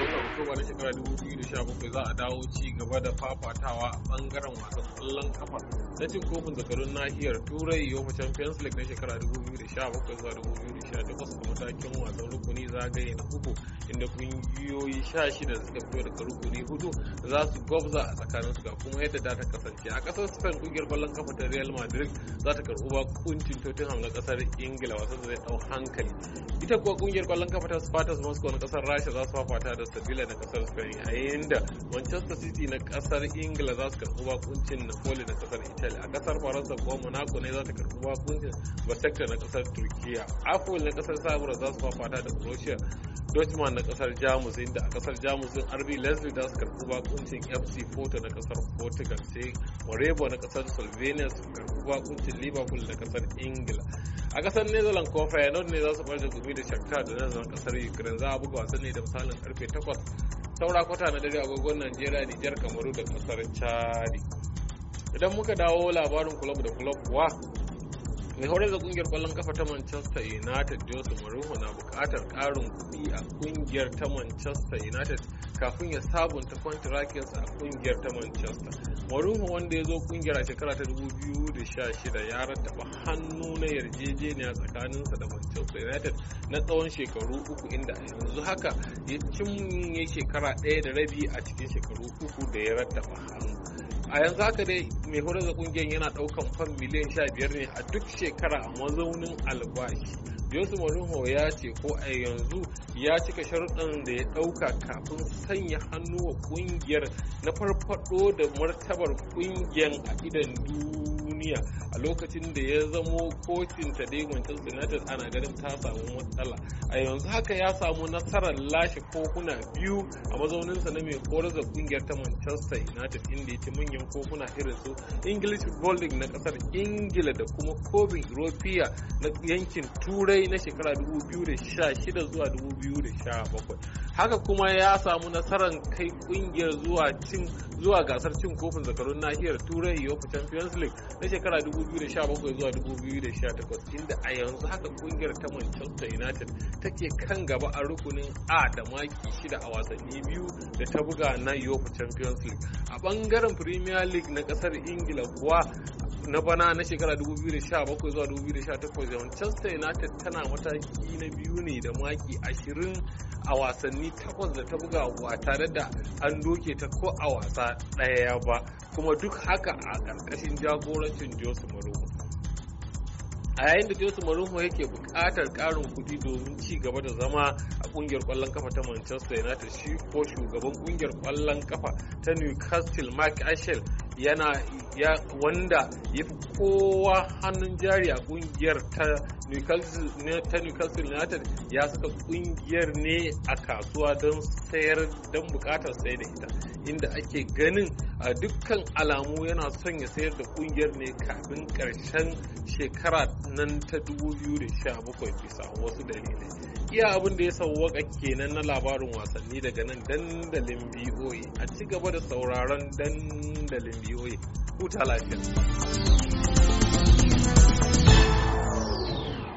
watan oktoba na shekara 2017 za a dawo ci gaba da fafatawa a bangaren wasan kwallon kafa na cin kofin zakarun nahiyar turai yofa champions league na shekara 2017 zuwa 2018 a matakin wasan rukuni zagaye na uku inda kungiyoyi 16 suka fito daga rukuni hudu za su gwabza a tsakanin su ga kuma yadda da ta kasance a kasar spain kungiyar kwallon kafa ta real madrid za ta karɓi ba kuncin tottenham na kasar ingila wasan da zai dau hankali ita kuwa kungiyar kwallon kafa ta Spartans Moscow na kasar Rasha za su fafata da Sevilla na kasar Spain a yayin da Manchester City na kasar Ingila za su karɓi bakuncin Napoli na kasar Italy a kasar Faransa kuwa Monaco ne za ta karɓi bakuncin Basakta na kasar Turkiya Apple na kasar sabura za su fafata da Croatia Dortmund na kasar Jamus inda a kasar Jamus din RB Leipzig da su karbi bakuncin FC Porto na kasar Portugal sai Morebo na kasar Slovenia su karbi bakuncin Liverpool na kasar Ingila. A kasar Netherlands ko Feyenoord ne za su da gumi da Shakhtar da nan kasar Ukraine za a buga wasan ne da misalin karfe 8 saura kwata na dare agogon Najeriya Nijar Kamaru da kasar Chadi. Idan muka dawo labarin club da club kuwa mai horar da kungiyar kwallon kafa ta manchester united jose mourinho na bukatar karin kuɗi a kungiyar ta manchester united kafin ya sabunta kwantirakinsa a kungiyar ta manchester mourinho wanda ya zo kungiyar a shekara ta 2016 ya rattaba hannu na yarjejeniya tsakaninsa da manchester united na tsawon shekaru uku inda a yanzu haka ya ya shekara ɗaya da rabi a cikin shekaru uku da ya rattaba hannu a yanzu haka dai mai horar da kungiyar yana daukan fan miliyan sha biyar ne a duk shekara a mazaunin albashi yosu Mourinho ya ce ko a yanzu ya cika sharuɗan da ya ɗauka kafin sanya hannu wa kungiyar na farfaɗo da martabar kungiyar a idan duniya duniya a lokacin da ya zamo kocin ta dai manchester united ana ganin ta samu matsala a yanzu haka ya samu nasarar lashe kokuna biyu a mazauninsa na mai korar da kungiyar ta manchester united inda ya ci manyan kofuna irin su english football league na kasar ingila da kuma kofin europea na yankin turai na shekara 2016 zuwa 2017 haka kuma ya samu nasarar kai kungiyar zuwa zuwa gasar cin kofin zakarun nahiyar turai yau champions league na shekara 2017 zuwa 2018 inda a yanzu haka kungiyar ta Manchester United take kan gaba a rukunin A da maki shida a wasanni biyu da ta buga na UEFA Champions League. A bangaren Premier League na kasar Ingila kuwa na bana na shekara 2017 zuwa 2018 Manchester United tana mataki na biyu ne da maki 20 a wasanni takwas da ta buga wa tare da an doke ta ko a wasa ɗaya ba kuma duk haka a ƙarƙashin jagorancin Jose Mourinho a yayin da Jose Mourinho yake buƙatar ƙarin kuɗi domin ci gaba da zama a ƙungiyar ƙwallon kafa ta Manchester United shi ko shugaban ƙungiyar ƙwallon kafa ta Newcastle Mark Ashel yana wanda ya fi kowa hannun jari a kungiyar ta Newcastle United ya saka kungiyar ne a kasuwa don sayar don bukatar sayar da ita inda ake ganin a dukkan alamu yana son ya sayar da kungiyar ne kafin karshen shekara nan ta 2017 bisa wasu dalilai iya abin da ya sauwaka kenan na labarin wasanni daga nan dandalin BOA a ci gaba da sauraron dandalin BOA guter Live-Hit.